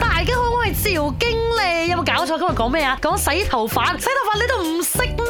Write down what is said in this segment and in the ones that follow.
大家好，我係趙經理，有冇搞錯？今日講咩啊？講洗頭髮，洗頭髮你都唔識。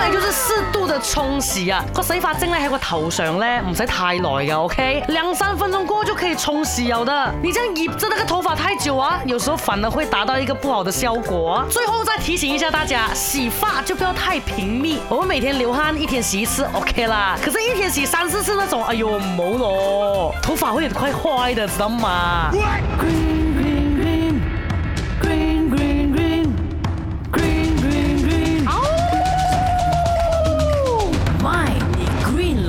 然就是適度的沖洗啊，個洗髮精呢，喺個頭上呢，唔使太耐㗎，OK，兩三分鐘過後就可以沖洗又得。你這樣熱着那個頭髮太久啊，有時候反而會達到一個不好的效果啊。最後再提醒一下大家，洗髮就不要太頻密，我們每天流汗一天洗一次 OK 啦。可是，一天洗三四次那種，哎呦，冇咯，頭髮會很快壞的，知道嗎？